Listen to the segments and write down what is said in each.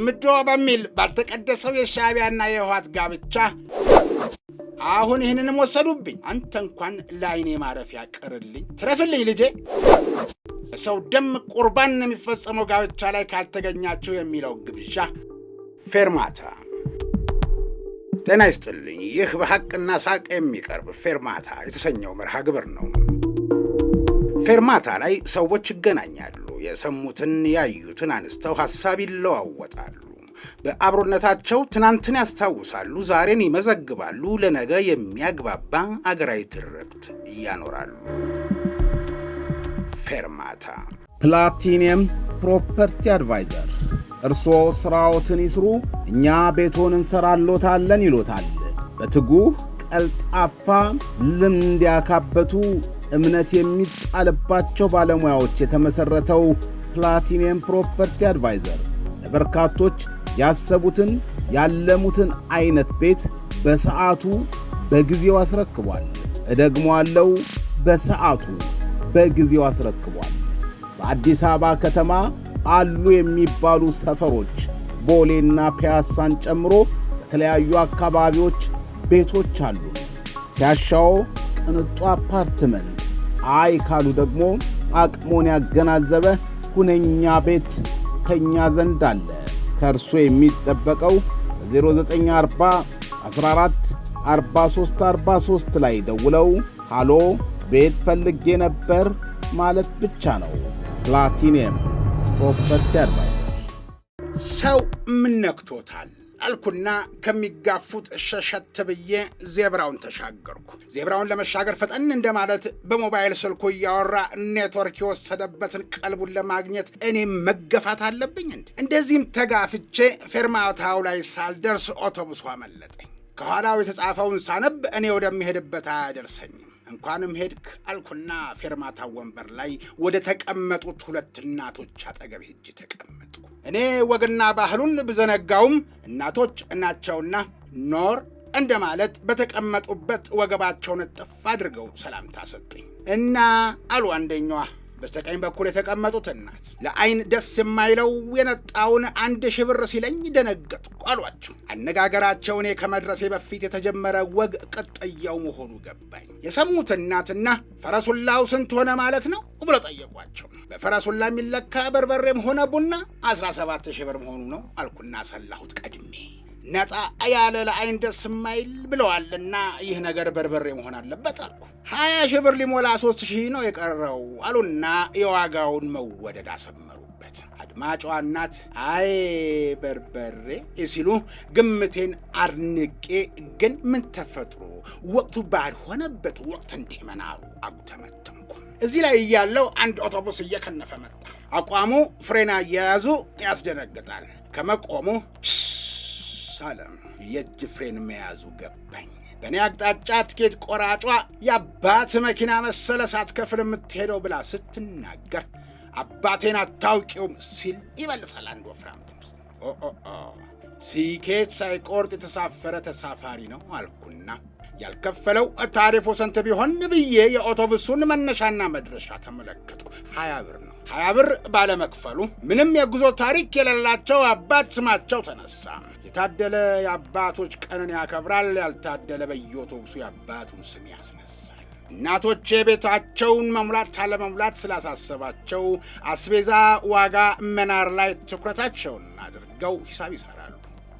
እምዶ በሚል ባልተቀደሰው የሻቢያና የህወሓት ጋብቻ አሁን ይህንንም ወሰዱብኝ። አንተ እንኳን ለአይኔ ማረፊያ ቅርልኝ፣ ትረፍልኝ ልጄ። ሰው ደም ቁርባን የሚፈጸመው ጋብቻ ላይ ካልተገኛችሁ የሚለው ግብዣ ፌርማታ። ጤና ይስጥልኝ። ይህ በሐቅና ሳቅ የሚቀርብ ፌርማታ የተሰኘው መርሃ ግብር ነው። ፌርማታ ላይ ሰዎች ይገናኛሉ የሰሙትን ያዩትን አንስተው ሐሳብ ይለዋወጣሉ። በአብሮነታቸው ትናንትን ያስታውሳሉ፣ ዛሬን ይመዘግባሉ፣ ለነገ የሚያግባባ አገራዊ ትርክት እያኖራሉ። ፌርማታ ፕላቲኒየም ፕሮፐርቲ አድቫይዘር እርስዎ ሥራዎትን ይስሩ፣ እኛ ቤቶን እንሰራሎታለን ይሎታል። በትጉህ ቀልጣፋ ልምድ ያካበቱ እምነት የሚጣልባቸው ባለሙያዎች የተመሠረተው ፕላቲኒየም ፕሮፐርቲ አድቫይዘር ለበርካቶች ያሰቡትን ያለሙትን አይነት ቤት በሰዓቱ በጊዜው አስረክቧል። እደግሞ በሰዓቱ በጊዜው አስረክቧል። በአዲስ አበባ ከተማ አሉ የሚባሉ ሰፈሮች ቦሌና ፒያሳን ጨምሮ በተለያዩ አካባቢዎች ቤቶች አሉ። ሲያሻው ቅንጡ አፓርትመንት አይ ካሉ ደግሞ አቅሞን ያገናዘበ ሁነኛ ቤት ከኛ ዘንድ አለ። ከእርሶ የሚጠበቀው በ0940 14 ላይ ደውለው ሃሎ ቤት ፈልጌ ነበር ማለት ብቻ ነው። ፕላቲኒየም ፕሮፐርቲ አድቫይዘር። ሰው ምን ነክቶታል? አልኩና ከሚጋፉት ሸሸት ብዬ ዜብራውን ተሻገርኩ። ዜብራውን ለመሻገር ፈጠን እንደማለት በሞባይል ስልኩ እያወራ ኔትወርክ የወሰደበትን ቀልቡን ለማግኘት እኔም መገፋት አለብኝ እንዴ? እንደዚህም ተጋፍቼ ፌርማታው ላይ ሳልደርስ አውቶቡሱ አመለጠኝ። ከኋላው የተጻፈውን ሳነብ እኔ ወደሚሄድበት አያደርሰኝም። እንኳንም ሄድክ አልኩና ፌርማታ ወንበር ላይ ወደ ተቀመጡት ሁለት እናቶች አጠገብ ሄጅ ተቀመጥኩ። እኔ ወግና ባህሉን ብዘነጋውም እናቶች እናቸውና ኖር እንደማለት በተቀመጡበት ወገባቸውን እጥፍ አድርገው ሰላምታ ሰጡኝ እና አሉ አንደኛዋ በስተቀኝ በኩል የተቀመጡት እናት ለአይን ደስ የማይለው የነጣውን አንድ ሽብር ብር ሲለኝ ደነገጥኩ አሏቸው። አነጋገራቸው እኔ ከመድረሴ በፊት የተጀመረ ወግ ቅጥያው መሆኑ ገባኝ። የሰሙት እናትና ፈረሱላው ስንት ሆነ ማለት ነው ብሎ ጠየቋቸው። በፈረሱላ የሚለካ በርበሬም ሆነ ቡና 17 ሽብር ብር መሆኑ ነው አልኩና ሰላሁት ቀድሜ ነጣ ያለ ለአይን ደስ የማይል ብለዋልና ይህ ነገር በርበሬ መሆን አለበት አልኩ። ሀያ ሺህ ብር ሊሞላ ሶስት ሺህ ነው የቀረው አሉና የዋጋውን መወደድ አሰመሩበት። አድማጯ እናት አይ በርበሬ ሲሉ ግምቴን አድንቄ፣ ግን ምን ተፈጥሮ ወቅቱ ባልሆነበት ወቅት እንዲህ መናሩ አጉተመተምኩ። እዚህ ላይ እያለው አንድ አውቶቡስ እየከነፈ መጣ። አቋሙ፣ ፍሬን አያያዙ ያስደነግጣል። ከመቆሙ አለ። የእጅ ፍሬን መያዙ ገባኝ። በእኔ አቅጣጫ ትኬት ቆራጯ የአባት መኪና መሰለ ሳትከፍል የምትሄደው ብላ ስትናገር አባቴን አታውቂውም ሲል ይመልሳል አንድ ወፍራም ድምፅ። ሲኬት ሳይቆርጥ የተሳፈረ ተሳፋሪ ነው አልኩና ያልከፈለው ታሪፉ ስንት ቢሆን ብዬ የአውቶቡሱን መነሻና መድረሻ ተመለከቱ። ሀያ ብር ነው። ሀያ ብር ባለመክፈሉ ምንም የጉዞ ታሪክ የሌላቸው አባት ስማቸው ተነሳ። የታደለ የአባቶች ቀንን ያከብራል፣ ያልታደለ በየአውቶቡሱ የአባቱን ስም ያስነሳል። እናቶች የቤታቸውን መሙላት አለመሙላት ስላሳሰባቸው አስቤዛ ዋጋ መናር ላይ ትኩረታቸውን አድርገው ሂሳብ ይሰራል።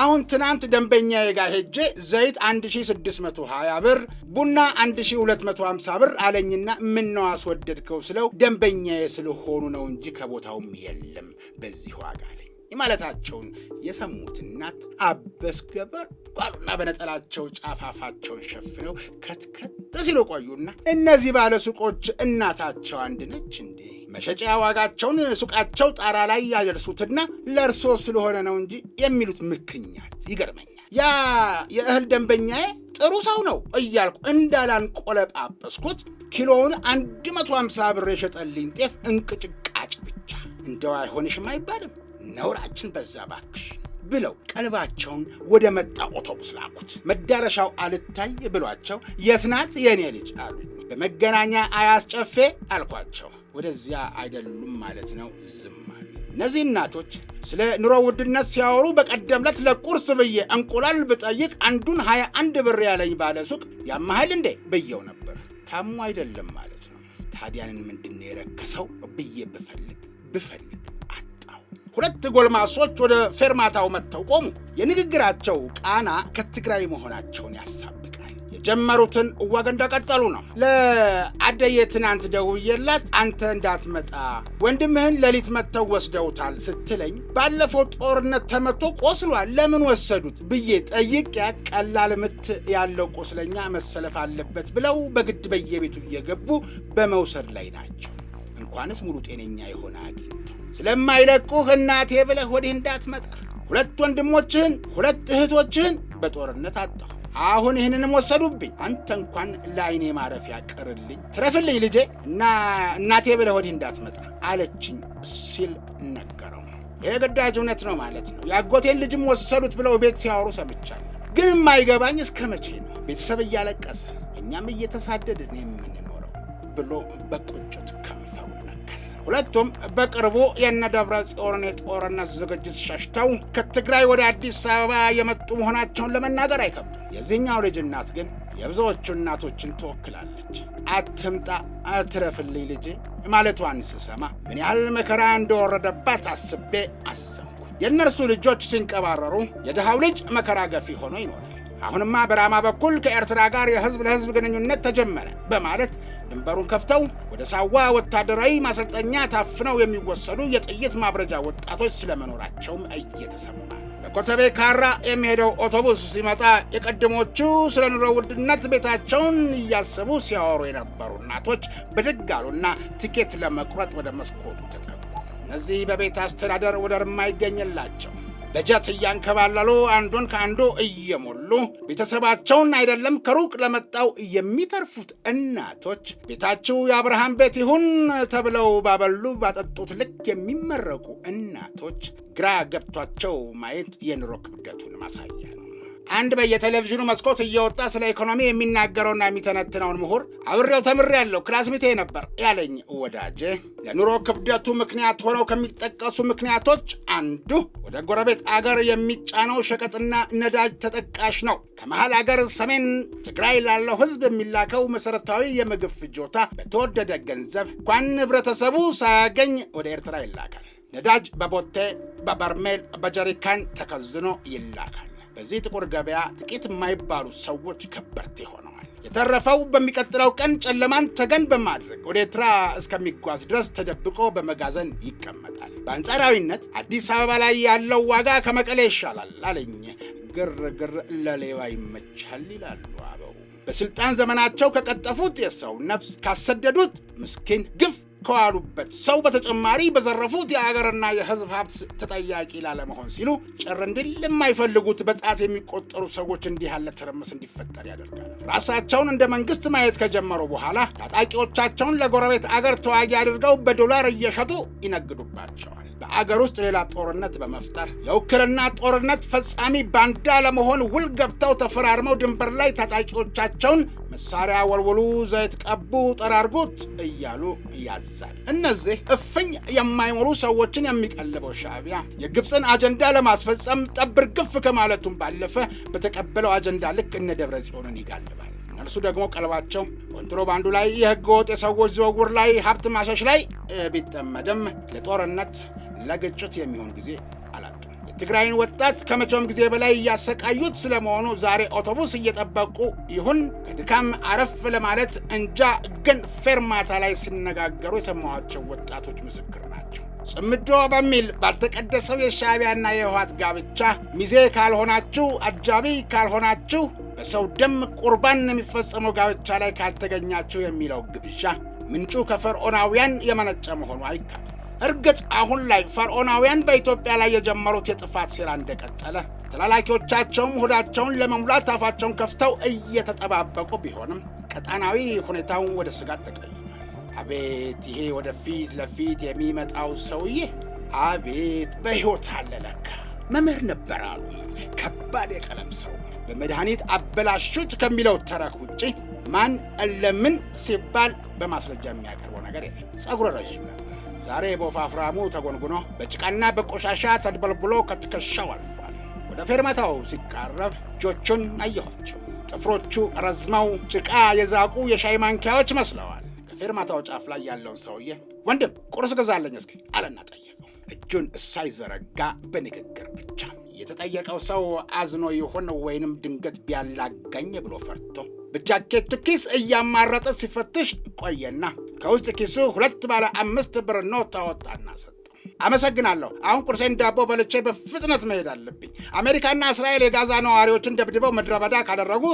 አሁን ትናንት ደንበኛዬ ጋር ሄጄ ዘይት 1620 ብር፣ ቡና 1250 ብር አለኝና ነው አስወደድከው ስለው ደንበኛዬ ስለሆኑ ነው እንጂ ከቦታውም የለም በዚህ ዋጋ ማለታቸውን የሰሙት እናት አበስ ገበር ባሉና በነጠላቸው ጫፋፋቸውን ሸፍነው ከትከት ሲሉ ቆዩና እነዚህ ባለ ሱቆች እናታቸው አንድ ነች እንዴ? መሸጫ ዋጋቸውን ሱቃቸው ጣራ ላይ ያደርሱትና ለእርሶ ስለሆነ ነው እንጂ የሚሉት ምክንያት ይገርመኛል። ያ የእህል ደንበኛዬ ጥሩ ሰው ነው እያልኩ ቆለጳጰስኩት ኪሎውን 150 ብር የሸጠልኝ ጤፍ እንቅጭቃጭ ብቻ እንደው አይሆንሽም አይባልም። ነውራችን በዛ ባክሽ ብለው ቀልባቸውን ወደ መጣ አውቶቡስ ላኩት። መዳረሻው አልታይ ብሏቸው የት ናት የእኔ ልጅ አሉኝ። በመገናኛ አያት ጨፌ አልኳቸው። ወደዚያ አይደሉም ማለት ነው ዝም አሉ። እነዚህ እናቶች ስለ ኑሮ ውድነት ሲያወሩ በቀደም ዕለት ለቁርስ ብዬ እንቁላል ብጠይቅ አንዱን ሀያ አንድ ብር ያለኝ ባለ ሱቅ ያማህል እንዴ ብየው ነበር። ታሙ አይደለም ማለት ነው። ታዲያንን ምንድን የረከሰው ብዬ ብፈልግ ብፈልግ ሁለት ጎልማሶች ወደ ፌርማታው መጥተው ቆሙ። የንግግራቸው ቃና ከትግራይ መሆናቸውን ያሳብቃል። የጀመሩትን እዋግ እንደቀጠሉ ነው። ለአደየ ትናንት ደውዬላት አንተ እንዳትመጣ ወንድምህን ሌሊት መጥተው ወስደውታል ስትለኝ ባለፈው ጦርነት ተመቶ ቆስሏል ለምን ወሰዱት ብዬ ጠይቄያት ቀላል ምት ያለው ቆስለኛ መሰለፍ አለበት ብለው በግድ በየቤቱ እየገቡ በመውሰድ ላይ ናቸው። እንኳንስ ሙሉ ጤነኛ የሆነ አግኝ ስለማይለቁህ እናቴ ብለህ ወዲህ እንዳትመጣ ሁለት ወንድሞችህን ሁለት እህቶችህን በጦርነት አጣሁ። አሁን ይህንንም ወሰዱብኝ። አንተ እንኳን ለአይኔ ማረፊያ ቅርልኝ፣ ትረፍልኝ ልጄ እና እናቴ ብለህ ወዲህ እንዳትመጣ አለችኝ ሲል ነገረው። ግዳጅ እውነት ነው ማለት ነው። የአጎቴን ልጅም ወሰዱት ብለው ቤት ሲያወሩ ሰምቻለሁ። ግን የማይገባኝ እስከ መቼ ነው ቤተሰብ እያለቀሰ እኛም እየተሳደድን የምንኖረው ብሎ በቁጭት ከንፈሩ ሁለቱም በቅርቡ የነ ደብረ ጽዮንን የጦርነት ዝግጅት ሸሽተው ከትግራይ ወደ አዲስ አበባ የመጡ መሆናቸውን ለመናገር አይከብድም። የዚህኛው ልጅ እናት ግን የብዙዎቹ እናቶችን ትወክላለች። አትምጣ አትረፍልኝ ልጄ ማለቷን ስሰማ ምን ያህል መከራ እንደወረደባት አስቤ አሰብኩ። የእነርሱ ልጆች ሲንቀባረሩ የድሃው ልጅ መከራ ገፊ ሆኖ ይኖራል። አሁንማ በራማ በኩል ከኤርትራ ጋር የህዝብ ለህዝብ ግንኙነት ተጀመረ በማለት ድንበሩን ከፍተው ወደ ሳዋ ወታደራዊ ማሰልጠኛ ታፍነው የሚወሰዱ የጥይት ማብረጃ ወጣቶች ስለመኖራቸውም እየተሰማ በኮተቤ ካራ የሚሄደው አውቶቡስ ሲመጣ የቀድሞቹ ስለ ኑሮ ውድነት ቤታቸውን እያሰቡ ሲያወሩ የነበሩ እናቶች ብድግ አሉና ትኬት ለመቁረጥ ወደ መስኮቱ ተጠጉ። እነዚህ በቤት አስተዳደር ወደር የማይገኝላቸው በጀት እያንከባለሉ አንዱን ከአንዱ እየሞሉ ቤተሰባቸውን አይደለም ከሩቅ ለመጣው የሚተርፉት እናቶች ቤታችሁ የአብርሃም ቤት ይሁን ተብለው ባበሉ ባጠጡት ልክ የሚመረቁ እናቶች ግራ ገብቷቸው ማየት የኑሮ ክብደቱን ማሳያ ነው። አንድ በየቴሌቪዥኑ መስኮት እየወጣ ስለ ኢኮኖሚ የሚናገረውና የሚተነትነውን ምሁር አብሬው ያለው ክላስሚቴ ነበር ያለኝ ወዳጄ ለኑሮ ክብደቱ ምክንያት ሆነው ከሚጠቀሱ ምክንያቶች አንዱ ወደ ጎረቤት አገር የሚጫነው ሸቀጥና ነዳጅ ተጠቃሽ ነው። ከመሃል አገር ሰሜን ትግራይ ላለው ሕዝብ የሚላከው መሰረታዊ የምግብ ፍጆታ በተወደደ ገንዘብ እንኳን ህብረተሰቡ ሳያገኝ ወደ ኤርትራ ይላካል። ነዳጅ በቦቴ በበርሜል በጀሪካን ተከዝኖ ይላካል። በዚህ ጥቁር ገበያ ጥቂት የማይባሉ ሰዎች ከበርቴ ሆነዋል። የተረፈው በሚቀጥለው ቀን ጨለማን ተገን በማድረግ ወደ ኤርትራ እስከሚጓዝ ድረስ ተደብቆ በመጋዘን ይቀመጣል። በአንጻራዊነት አዲስ አበባ ላይ ያለው ዋጋ ከመቀሌ ይሻላል አለኝ። ግርግር ለሌባ ይመቻል ይላሉ አበው። በስልጣን ዘመናቸው ከቀጠፉት የሰው ነፍስ ካሰደዱት ምስኪን ግፍ ከዋሉበት ሰው በተጨማሪ በዘረፉት የአገርና የህዝብ ሀብት ተጠያቂ ላለመሆን ሲሉ ጭር እንዲል የማይፈልጉት በጣት የሚቆጠሩ ሰዎች እንዲህ ያለ ትርምስ እንዲፈጠር ያደርጋል። ራሳቸውን እንደ መንግስት ማየት ከጀመሩ በኋላ ታጣቂዎቻቸውን ለጎረቤት አገር ተዋጊ አድርገው በዶላር እየሸጡ ይነግዱባቸዋል። በአገር ውስጥ ሌላ ጦርነት በመፍጠር የውክልና ጦርነት ፈጻሚ ባንዳ ለመሆን ውል ገብተው ተፈራርመው ድንበር ላይ ታጣቂዎቻቸውን መሳሪያ ወልውሉ፣ ዘይት ቀቡ፣ ጠራርጉት እያሉ ያዛል። እነዚህ እፍኝ የማይሞሉ ሰዎችን የሚቀልበው ሻዕቢያ የግብፅን አጀንዳ ለማስፈጸም ጠብር ግፍ ከማለቱን ባለፈ በተቀበለው አጀንዳ ልክ እነ ደብረ ጽዮንን ይጋልባል። እነርሱ ደግሞ ቀልባቸው ኮንትሮባንዱ ላይ፣ የህገ ወጥ የሰዎች ዝውውር ላይ፣ ሀብት ማሸሽ ላይ ቢጠመድም ለጦርነት ለግጭት የሚሆን ጊዜ የትግራይን ወጣት ከመቼውም ጊዜ በላይ እያሰቃዩት ስለመሆኑ ዛሬ አውቶቡስ እየጠበቁ ይሁን ከድካም አረፍ ለማለት እንጃ፣ ግን ፌርማታ ላይ ሲነጋገሩ የሰማኋቸው ወጣቶች ምስክር ናቸው። ጽምዶ በሚል ባልተቀደሰው የሻዕቢያና የህወሓት ጋብቻ ሚዜ ካልሆናችሁ፣ አጃቢ ካልሆናችሁ፣ በሰው ደም ቁርባን የሚፈጸመው ጋብቻ ላይ ካልተገኛችሁ የሚለው ግብዣ ምንጩ ከፈርዖናውያን የመነጨ መሆኑ አይካል። እርግጥ አሁን ላይ ፈርዖናውያን በኢትዮጵያ ላይ የጀመሩት የጥፋት ሴራ እንደቀጠለ ተላላኪዎቻቸውም ሆዳቸውን ለመሙላት አፋቸውን ከፍተው እየተጠባበቁ ቢሆንም ቀጣናዊ ሁኔታውን ወደ ስጋት ተቀይሯል። አቤት ይሄ ወደፊት ለፊት የሚመጣው ሰውዬ አቤት በሕይወት አለ ለካ መምህር ነበር አሉ። ከባድ የቀለም ሰው በመድኃኒት አበላሹት ከሚለው ተረክ ውጪ ማን ለምን ሲባል በማስረጃ የሚያቀርበው ነገር የለም። ጸጉረ ረዥም ነው። ዛሬ በወፋፍራሙ ተጎንጉኖ በጭቃና በቆሻሻ ተድበልብሎ ከትከሻው አልፏል። ወደ ፌርማታው ሲቃረብ እጆቹን አየኋቸው። ጥፍሮቹ ረዝመው ጭቃ የዛቁ የሻይ ማንኪያዎች መስለዋል። ከፌርማታው ጫፍ ላይ ያለውን ሰውዬ ወንድም ቁርስ ግዛለኝ እስኪ አለና ጠየቀው። እጁን ሳይዘረጋ በንግግር ብቻ የተጠየቀው ሰው አዝኖ ይሁን ወይንም ድንገት ቢያላጋኝ ብሎ ፈርቶ በጃኬቱ ኪስ እያማረጠ ሲፈትሽ ቆየና ከውስጥ ኪሱ ሁለት ባለ አምስት ብር ኖት አወጣና ሰጠ። አመሰግናለሁ። አሁን ቁርሴን ዳቦ በልቼ በፍጥነት መሄድ አለብኝ። አሜሪካና እስራኤል የጋዛ ነዋሪዎችን ደብድበው ምድረ በዳ ካደረጉ፣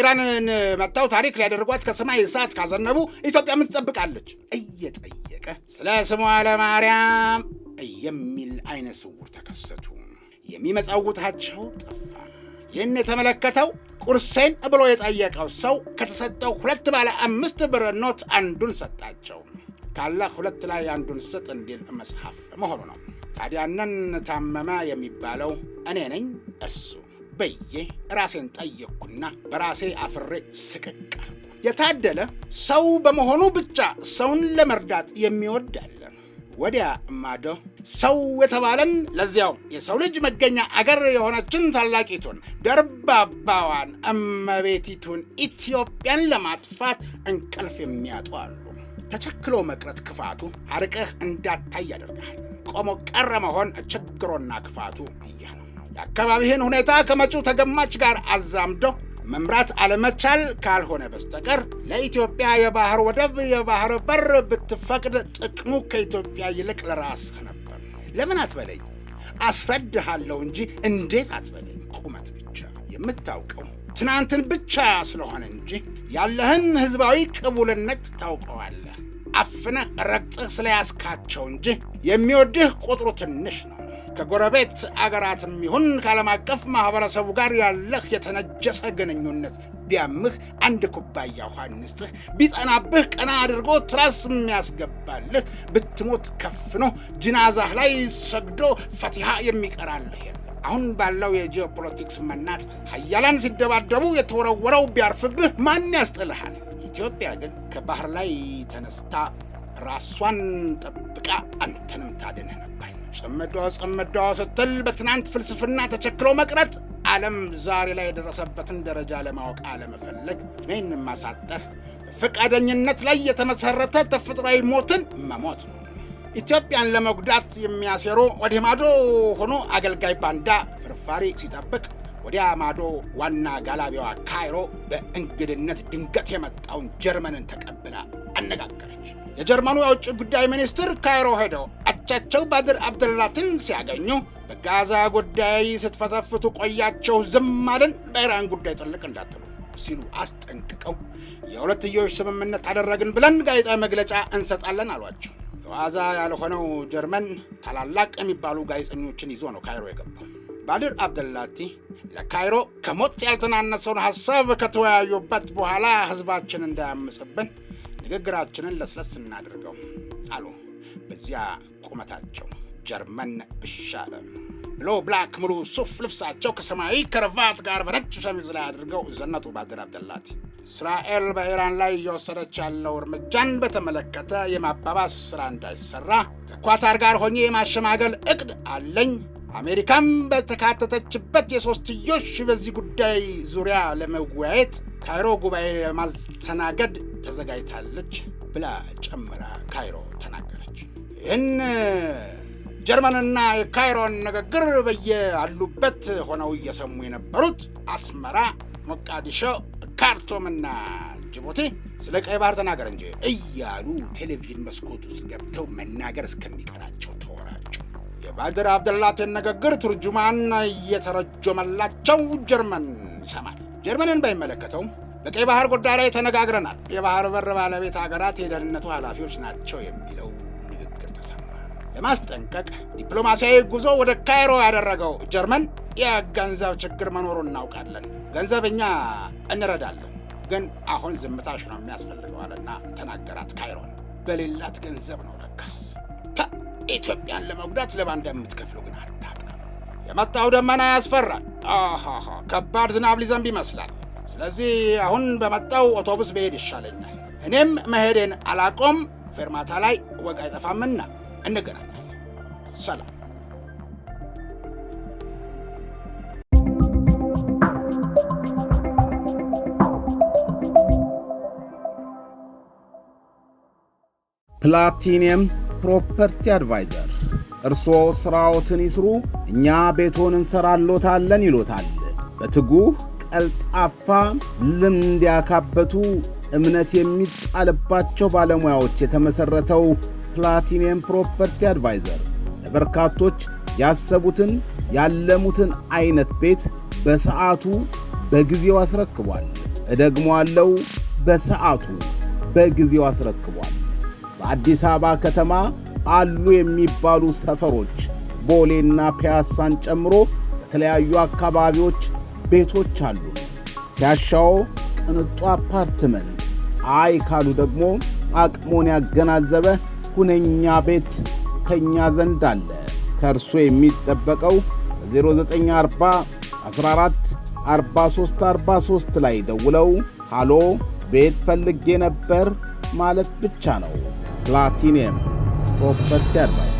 ኢራንን መጥተው ታሪክ ሊያደርጓት ከሰማይ እሳት ካዘነቡ ኢትዮጵያ ምን ትጠብቃለች? እየጠየቀ ስለ ስሟ ለማርያም የሚል አይነ ስውር ተከሰቱ። የሚመጻውታቸው ጠፋ። ይህን የተመለከተው ቁርሴን ብሎ የጠየቀው ሰው ከተሰጠው ሁለት ባለ አምስት ብር ኖት አንዱን ሰጣቸው። ካለ ሁለት ላይ አንዱን ስጥ እንዲል መጽሐፍ መሆኑ ነው። ታዲያንን ታመመ የሚባለው እኔ ነኝ እርሱ በዬ ራሴን ጠየቅኩና በራሴ አፍሬ ስቅቅ። የታደለ ሰው በመሆኑ ብቻ ሰውን ለመርዳት የሚወዳል። ወዲያ ማዶ ሰው የተባለን ለዚያው የሰው ልጅ መገኛ አገር የሆነችን ታላቂቱን ደርባባዋን እመቤቲቱን ኢትዮጵያን ለማጥፋት እንቅልፍ የሚያጡ አሉ። ተቸክሎ መቅረት ክፋቱ አርቀህ እንዳታይ ያደርጋል ቆሞ ቀረ መሆን ችግሮና ክፋቱ እያ ነው። የአካባቢህን ሁኔታ ከመጪው ተገማች ጋር አዛምዶ መምራት አለመቻል ካልሆነ በስተቀር ለኢትዮጵያ የባህር ወደብ የባህር በር ብትፈቅድ ጥቅሙ ከኢትዮጵያ ይልቅ ለራስህ ነበር። ለምን አትበለኝ? አስረድሃለሁ እንጂ እንዴት አትበለኝ። ቁመት ብቻ የምታውቀው ትናንትን ብቻ ስለሆነ እንጂ ያለህን ህዝባዊ ቅቡልነት ታውቀዋለህ። አፍነህ ረግጥህ ስለያዝካቸው እንጂ የሚወድህ ቁጥሩ ትንሽ ነው። ከጎረቤት አገራትም ይሁን ከዓለም አቀፍ ማኅበረሰቡ ጋር ያለህ የተነጀሰ ግንኙነት ቢያምህ አንድ ኩባያ ውሃ ቢጠናብህ ቀና አድርጎ ትራስ የሚያስገባልህ፣ ብትሞት ከፍኖ ጅናዛህ ላይ ሰግዶ ፈቲሃ የሚቀራልህ አሁን ባለው የጂኦፖለቲክስ መናጥ ሀያላን ሲደባደቡ የተወረወረው ቢያርፍብህ ማን ያስጥልሃል? ኢትዮጵያ ግን ከባህር ላይ ተነስታ ራሷን ጠብቃ አንተንም ታድንህ ነባኝ። ጽምዷ ጽምዷ ስትል በትናንት ፍልስፍና ተቸክሎ መቅረት፣ ዓለም ዛሬ ላይ የደረሰበትን ደረጃ ለማወቅ አለመፈለግ፣ እድሜን ማሳጠር፣ ፍቃደኝነት ላይ የተመሠረተ ተፈጥሯዊ ሞትን መሞት ነው። ኢትዮጵያን ለመጉዳት የሚያሴሩ ወዲህ ማዶ ሆኖ አገልጋይ ባንዳ ፍርፋሪ ሲጠብቅ ወዲያ ማዶ ዋና ጋላቢዋ ካይሮ በእንግድነት ድንገት የመጣውን ጀርመንን ተቀብላ አነጋገረች። የጀርመኑ የውጭ ጉዳይ ሚኒስትር ካይሮ ሄደው አቻቸው ባድር አብደላትን ሲያገኙ በጋዛ ጉዳይ ስትፈተፍቱ ቆያቸው ዝም አልን፣ በኢራን ጉዳይ ጥልቅ እንዳትሉ ሲሉ አስጠንቅቀው የሁለትዮሽ ስምምነት አደረግን ብለን ጋዜጣዊ መግለጫ እንሰጣለን አሏቸው። የዋዛ ያልሆነው ጀርመን ታላላቅ የሚባሉ ጋዜጠኞችን ይዞ ነው ካይሮ የገባው። ባድር አብደላቲ ለካይሮ ከሞት ያልተናነሰውን ሀሳብ ከተወያዩበት በኋላ ህዝባችን እንዳያምጽብን ንግግራችንን ለስለስ እናድርገው አሉ። በዚያ ቁመታቸው ጀርመን እሻለ ብሎ ብላክ ሙሉ ሱፍ ልብሳቸው ከሰማያዊ ከረቫት ጋር በነጭ ሸሚዝ ላይ አድርገው ዘነጡ። ባድር አብደላት እስራኤል በኢራን ላይ እየወሰደች ያለው እርምጃን በተመለከተ የማባባስ ስራ እንዳይሰራ ከኳታር ጋር ሆኜ የማሸማገል እቅድ አለኝ። አሜሪካም በተካተተችበት የሶስትዮሽ በዚህ ጉዳይ ዙሪያ ለመወያየት ካይሮ ጉባኤ ለማስተናገድ ተዘጋጅታለች ብላ ጨምራ ካይሮ ተናገረች። ይህን ጀርመንና የካይሮን ንግግር በየአሉበት ሆነው እየሰሙ የነበሩት አስመራ፣ ሞቃዲሾ፣ ካርቱምና ጅቡቲ ስለ ቀይ ባህር ተናገር እንጂ እያሉ ቴሌቪዥን መስኮት ውስጥ ገብተው መናገር እስከሚቀራቸው ተወራጩ። የባድር አብደላቴን ንግግር ትርጁማን እየተረጆመላቸው ጀርመን ይሰማል። ጀርመንን ባይመለከተውም በቀይ ባህር ጉዳይ ላይ ተነጋግረናል። የባህር በር ባለቤት ሀገራት የደህንነቱ ኃላፊዎች ናቸው የሚለው ንግግር ተሰማ። ለማስጠንቀቅ ዲፕሎማሲያዊ ጉዞ ወደ ካይሮ ያደረገው ጀርመን የገንዘብ ችግር መኖሩን እናውቃለን፣ ገንዘብ እኛ እንረዳለን፣ ግን አሁን ዝምታሽ ነው የሚያስፈልገው አለና ተናገራት። ካይሮን በሌላት ገንዘብ ነው ለካስ ኢትዮጵያን ለመጉዳት ለባንዳ የምትከፍለው ግን አታጣም። የመጣው ደመና ያስፈራል። ከባድ ዝናብ ሊዘንብ ይመስላል። ስለዚህ አሁን በመጣው አውቶቡስ ብሄድ ይሻለኛል። እኔም መሄዴን አላቆም። ፌርማታ ላይ ወግ አይጠፋምና እንገናኛለን። ሰላም። ፕላቲኒየም ፕሮፐርቲ አድቫይዘር እርስዎ ሥራዎትን ይስሩ፣ እኛ ቤቶን እንሰራሎታለን ይሎታል በትጉህ ቀልጣፋ ልምድ ያካበቱ እምነት የሚጣልባቸው ባለሙያዎች የተመሠረተው ፕላቲኒየም ፕሮፐርቲ አድቫይዘር ለበርካቶች ያሰቡትን ያለሙትን አይነት ቤት በሰዓቱ በጊዜው አስረክቧል። እደግሞ አለው በሰዓቱ በጊዜው አስረክቧል። በአዲስ አበባ ከተማ አሉ የሚባሉ ሰፈሮች ቦሌና ፒያሳን ጨምሮ በተለያዩ አካባቢዎች ቤቶች አሉ። ሲያሻው ቅንጡ አፓርትመንት፣ አይ ካሉ ደግሞ አቅሞን ያገናዘበ ሁነኛ ቤት ከኛ ዘንድ አለ። ከእርሶ የሚጠበቀው በ0940 14 ላይ ደውለው ሃሎ ቤት ፈልጌ ነበር ማለት ብቻ ነው። ፕላቲኒየም ፕሮፐርቲ አድቫይዘር